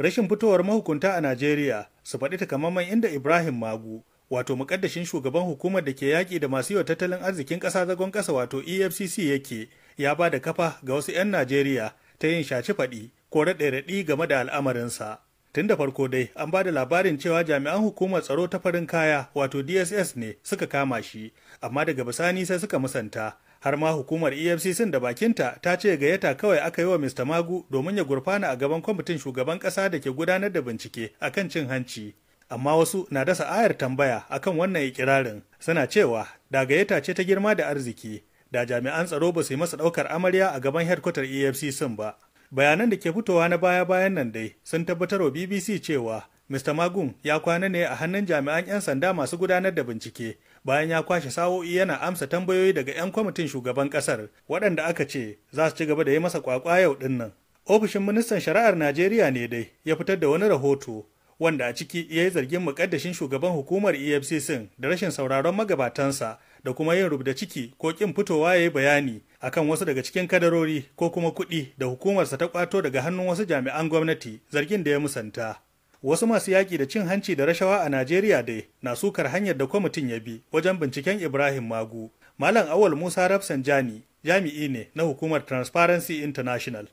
rashin fitowar mahukunta a najeriya su faɗi takamaiman inda ibrahim magu wato mukaddashin shugaban hukumar da ke yaƙi da masu yiwa tattalin arzikin ƙasa zagon ƙasa wato efcc yake ya ba da kafa ga wasu 'yan najeriya ta yin shaci faɗi ko raɗe-raɗi game da al'amarinsa tun da farko dai an ba da labarin cewa jami'an hukumar tsaro ta farin kaya wato dss ne suka kama shi amma daga bisani sai suka musanta har ma hukumar efcc da bakinta ta ce gayyata kawai aka yi wa mr magu domin ya gurfana a gaban kwamitin shugaban kasa da ke gudanar da bincike akan cin hanci amma wasu na dasa ayar tambaya akan wannan ikirarin suna cewa da gayyata ce ta girma da arziki da jami'an tsaro ba su yi masa daukar amarya a gaban headquarter efcc ba bayanan da ke fitowa na baya-bayan nan dai sun tabbatar wa bbc cewa mr Magu ya kwana ne a hannun jami'an 'yan sanda masu gudanar da bincike bayan ya kwashe sa'o'i yana amsa tambayoyi daga 'yan kwamitin shugaban kasar waɗanda aka ce za su ci gaba da yi masa kwakwa yau ɗin nan. Ofishin ministan shari'ar Najeriya ne dai ya fitar da wani rahoto wanda a ciki ya yi zargin mukaddashin shugaban hukumar EFCC da rashin sauraron magabatansa da kuma yin rubda ciki ko ƙin fitowa ya yi bayani akan wasu daga cikin kadarori ko kuma kuɗi da hukumarsa ta kwato daga hannun wasu jami'an gwamnati zargin da ya musanta. wasu masu yaƙi da cin hanci da rashawa a najeriya dai na sukar hanyar da kwamitin ya bi wajen binciken ibrahim magu malam awal musa rafsanjani jami'i ne na hukumar transparency international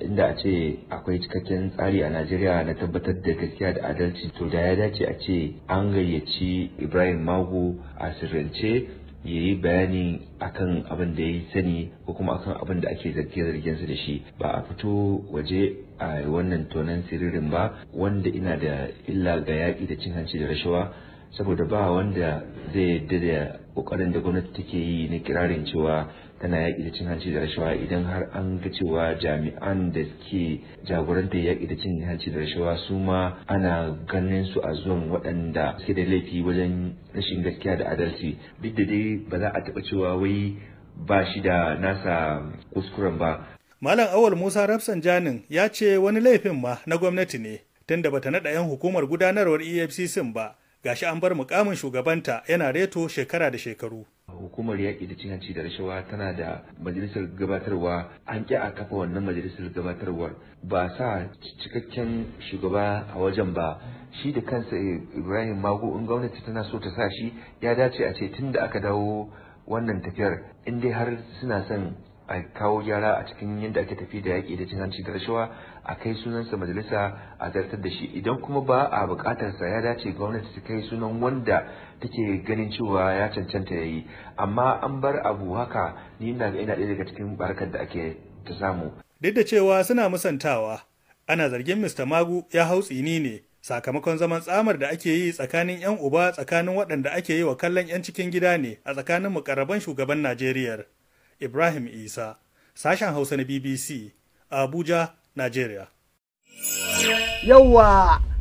inda a ce akwai cikakken tsari a najeriya na tabbatar da gaskiya da adalci to da ya dace a ce an gayyaci ibrahim magu a sirrance ya yi bayani akan abin da ya sani ko kuma akan abin da ake zarge-zargen su da shi ba a fito waje a wannan tonan siririn ba wanda ina da illa ga yaƙi da cin hanci da rashawa saboda ba wanda zai yadda da ƙoƙarin da gwamnati take yi na kirarin cewa tana yaƙi da cin hanci da rashawa idan har an ga cewa jami'an da ke jagorantar yaƙi da cin hanci da rashawa su ma ana ganin su a zuwan waɗanda suke da laifi wajen rashin gaskiya da adalci duk da dai ba za a taɓa cewa wai ba shi da nasa kuskuren ba. Malam Awal Musa rafsan janin ya ce wani laifin ma na gwamnati ne tunda bata naɗa 'yan hukumar gudanarwar EFCC ba gashi an bar mukamin shugabanta yana reto shekara da shekaru. hukumar yaƙi da cin hanci da rashawa tana da majalisar gabatarwa an ƙi a kafa wannan majalisar gabatarwar ba sa cikakken shugaba a wajen ba shi da kansa eh, ibrahim mago in gwamnati tana so ta sa shi ya dace a ce tun da aka dawo wannan tafiyar in dai har suna son a kawo gyara a cikin yadda ake tafi da yaƙi da cin hanci da rashawa a kai sunansa majalisa a zartar da shi idan kuma ba a buƙatar sa ya dace gwamnati ta kai sunan wanda take ganin cewa ya cancanta ya yi amma an bar abu haka ni ina ga ina ɗaya daga cikin barkar da ake ta samu. duk da cewa suna musantawa ana zargin mr magu ya hau tsini ne sakamakon zaman tsamar da ake yi tsakanin 'yan uba tsakanin waɗanda ake yi wa kallon 'yan cikin gida ne a tsakanin mukarraban shugaban najeriya Ibrahim Isa, sashen Hausa na BBC, Abuja, Nigeria. Yawwa!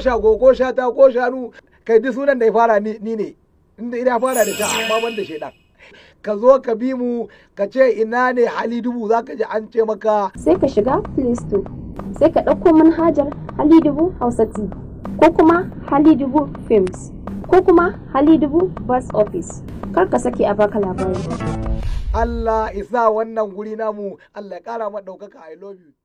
shago ko ta ko shanu kai duk sunan da ya fara ni ne inda ina fara da ta amma ban da ka zo ka bi mu ka ce ina ne hali dubu za ka ji an ce maka sai ka shiga play store sai ka ɗauko manhajar hali dubu hausa t ko kuma hali dubu films ko kuma hali dubu bus office kar ka saki a baka labari Allah isa wannan guri namu Allah ya kara ma ɗaukaka I love you